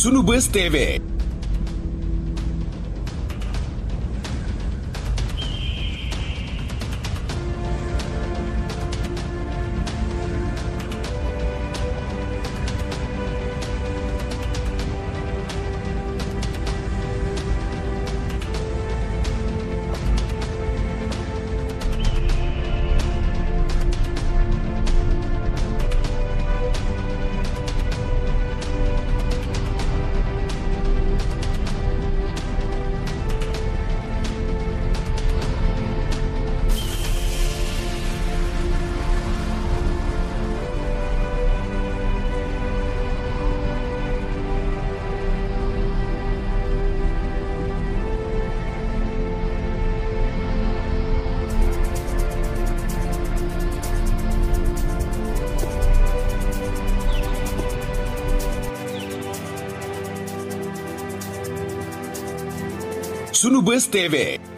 sunu bës TV. sunu bës TV